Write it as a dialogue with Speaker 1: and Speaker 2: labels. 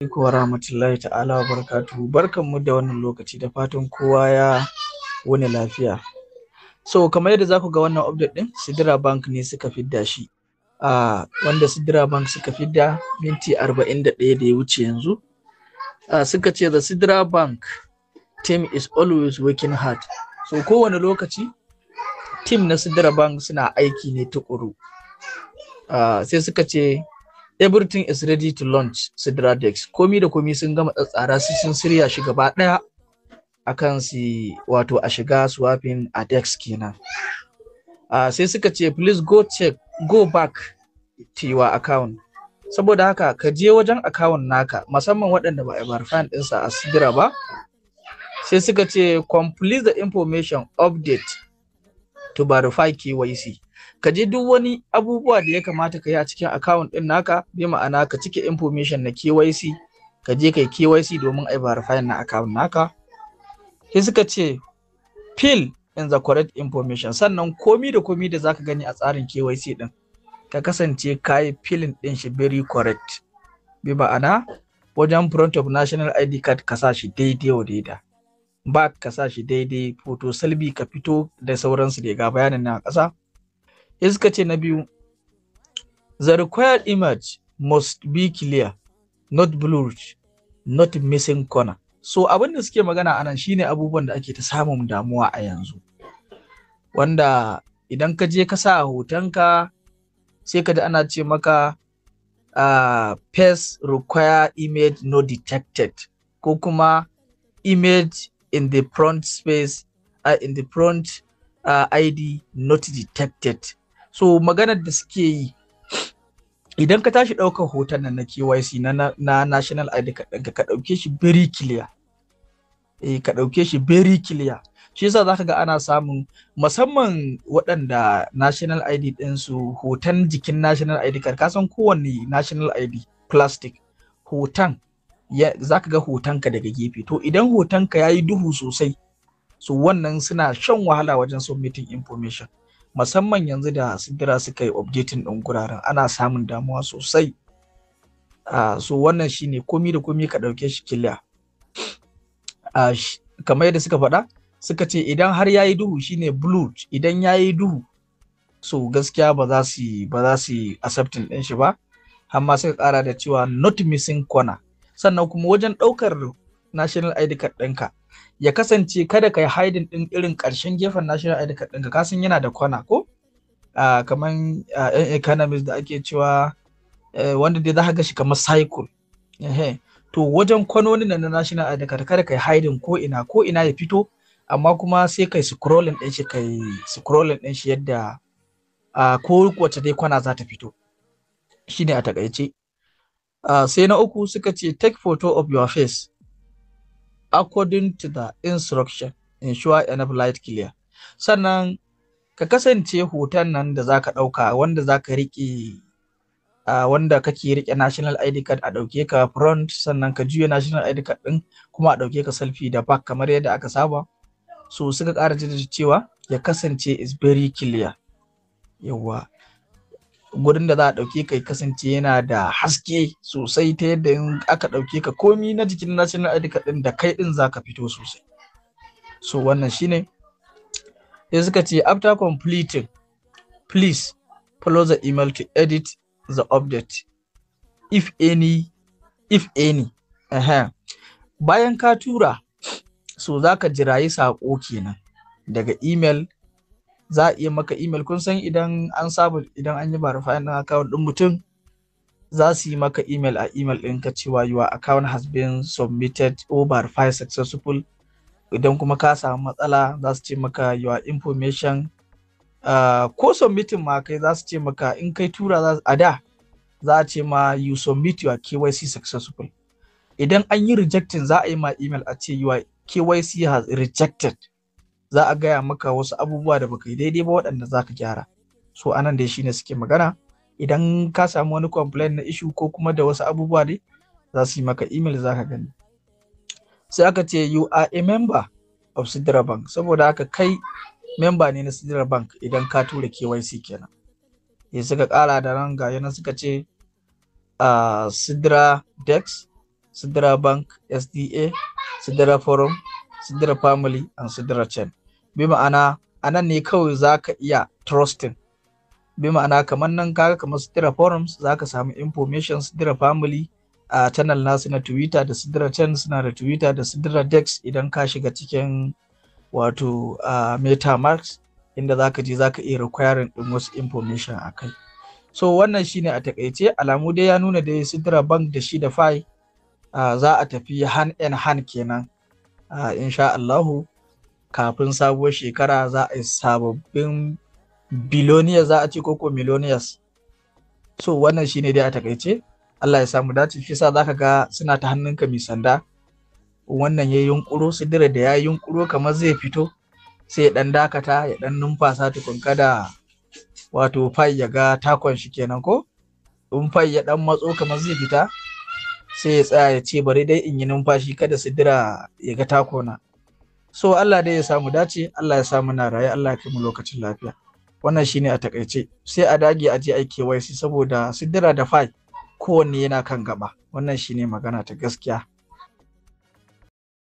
Speaker 1: alaikum warahmatullahi ta'ala wa barakatuhu barkanmu da wannan lokaci da fatan kowa ya wani lafiya so kamar yadda za ku ga wannan update din sidira bank ne suka fidda shi uh, wanda sidira bank suka fidda minti 41 da ya wuce yanzu suka ce the sidira bank team is always working hard so kowane lokaci team na sidira bank suna aiki ne tukuru sai suka ce everything is ready to launch sidradex komi da komi sun gama tsatsara su sun shirya shi gaba daya akan si wato a shiga swapping a dex kenan uh, sai suka ce please go check go back to your account saboda haka ka je wajen account naka musamman waɗanda ba a bar fan ɗinsa a sidra ba sai suka ce complete the information update to verify KYC ka je duk wani abubuwa da ya kamata ka yi a cikin account ɗin naka bi ma'ana ka cike information na KYC ka je kai KYC domin ai verify na account naka sai suka ce fill in the correct information sannan komi da komi da zaka gani a tsarin KYC ɗin. ka kasance ka yi filling ɗin shi very correct bi ma'ana wajen front of national ID card ka sa shi daidai wa daida ba ka sa shi daidai photo selfie ka fito da sauransu da ga bayanin na ƙasa sai ce na biyu the required image must be clear not blurred not missing corner so abin da suke magana anan shine abubuwan da ake ta samun damuwa a yanzu wanda idan ka je ka sa hotonka sai ka ji ana ce maka uh, face require image no detected ko kuma image in the front space uh, in the front uh, ah, id not detected so maganar da suke yi idan ka tashi ɗaukar hoton nan na KYC na, na national ID ka ka ɗauke shi very clear eh ka ɗauke shi very clear shi yasa zaka ga ana samun musamman waɗanda national ID ɗinsu hoton jikin national ID card ka san kowanne national ID plastic hoton za ka ga hotonka daga gefe to idan hotonka ya yi duhu sosai so wannan suna shan wahala wajen submitting information musamman yanzu da sigira suka yi objetin ɗin guraren ana samun damuwa sosai so wannan shine komi da komi ka ɗauke shi kiliya kamar yadda suka faɗa suka ce idan har yayi duhu shine blue idan yayi duhu so gaskiya ba za su ba za su accepting ɗin shi ba amma suka ƙara da cewa not missing corner sannan kuma wajen ɗaukar national id card ɗinka ya kasance kada ka yi haidin ɗin irin ƙarshen gefen national id card ɗinka ka san yana da kwana ko kamar yan economist da ake cewa eh, wanda dai za ka ga shi kamar cycle to wajen kwanonin na national id card kada ka yi haidin ko ina ko ina ya fito amma kuma sai kai scrolling ɗin shi kai scrolling ɗin shi yadda ko wacce dai kwana za ta fito shine a takaice sai na uku suka ce take photo of your face according to the instruction ensure enough light clear sannan ka kasance hoton nan da zaka ka ɗauka wanda zaka ka uh, wanda kake riƙe national id card a ɗauke ka front sannan ka juya national id card din kuma a ɗauke ka selfie da back kamar yadda aka saba so suka ƙara cewa ya kasance is very clear yawa. gurin da za a ɗauke ka kasance yana da haske sosai ta yadda in aka ɗauke ka komi na jikin national id card ɗin da kai ɗin za ka fito sosai so wannan shine sai suka ce after completing please follow the email to edit the update if any if any uh -huh. bayan ka tura so za ka jirayi saƙo kenan daga email za a iya maka email kun san idan an saba idan an yi verifying din account din mutum za su yi maka email a email ka cewa your account has been submitted or verified successful idan kuma ka samu matsala za su ce maka your information uh, ko submitting ma kai za su ce maka in kai tura a da za a ce ma you submit your KYC successful idan an yi rejecting za a yi ma email a ce your KYC has rejected za a gaya maka wasu abubuwa da baka yi daidai ba waɗanda za ka gyara so anan shi shine suke magana idan ka samu wani complain na issue ko kuma da wasu abubuwa ne za su yi maka email za ka gani sai aka ce you are a member of sidra bank saboda haka kai member ne na sidra bank idan ka tura KYC kenan ya suka kara da nan ga yana suka ce a ah, sidra dex sidra bank sda sidra forum sidra family and sidra chain bi ma'ana a nan ne kawai za ka iya trusting bi ma'ana kamar nan kaga kamar sidira forums za ka samu information sidira family a uh, channel nasu na twitter da sidira 10 suna da twitter da sidira dex idan ka shiga cikin wato uh, metamask inda za ka je za ka iya requiring din wasu information a kai so wannan shine a takaice alamu dai ya nuna dai sidira bank da shi da fi uh, za a tafi hand in hand kenan uh, insha Allahu kafin sabuwar shekara za a yi sababbin biloniya za a ce koko miloniyas so wannan shi ne dai a takaice Allah ya samu dace shi za ka ga suna ta hannunka mai sanda wannan ya yi yunkuro sidira da ya yi yunkuro kamar zai fito sai ya dan dakata ya dan numfasa tukun kada wato fai ya ga takon shi kenan ko in fai ya dan matso kamar zai fita sai ya tsaya ya ce bari dai in yi numfashi kada su dira ya ga takona so Allah dai ya samu dace Allah ya samu na raye Allah ya kai mu lokacin lafiya wannan shine a takaice sai a dage a je aike wai saboda sidira da fai kowanne yana kan gaba wannan shine magana ta gaskiya